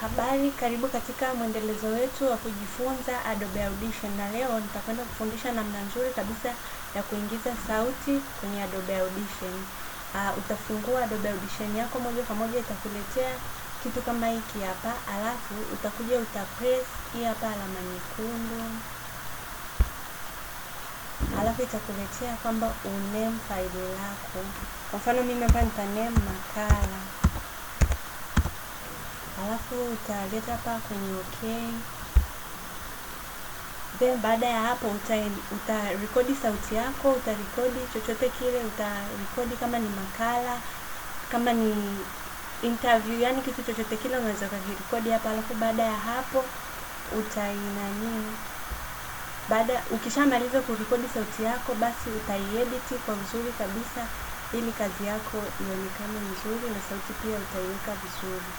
Habari, karibu katika mwendelezo wetu wa kujifunza Adobe Audition, na leo nitakwenda kufundisha namna nzuri kabisa ya kuingiza sauti kwenye Adobe Audition. Uh, utafungua Adobe Audition yako moja kwa moja, itakuletea kitu kama hiki hapa, alafu utakuja utapress hii hapa alama nyekundu, alafu itakuletea kwamba uname faili lako. Kwa mfano mimi hapa nita makala alafu utaleta hapa kwenye ok then baada ya hapo uta, uta sauti yako utarekodi chochote kile utarekodi kama ni makala kama ni interview yani kitu chochote kile unaweza ukakirekodi hapa alafu baada ya hapo utainanii baada ukishamaliza kurekodi sauti yako basi utaiediti kwa uzuri kabisa ili kazi yako ionekane nzuri na sauti pia utaiweka vizuri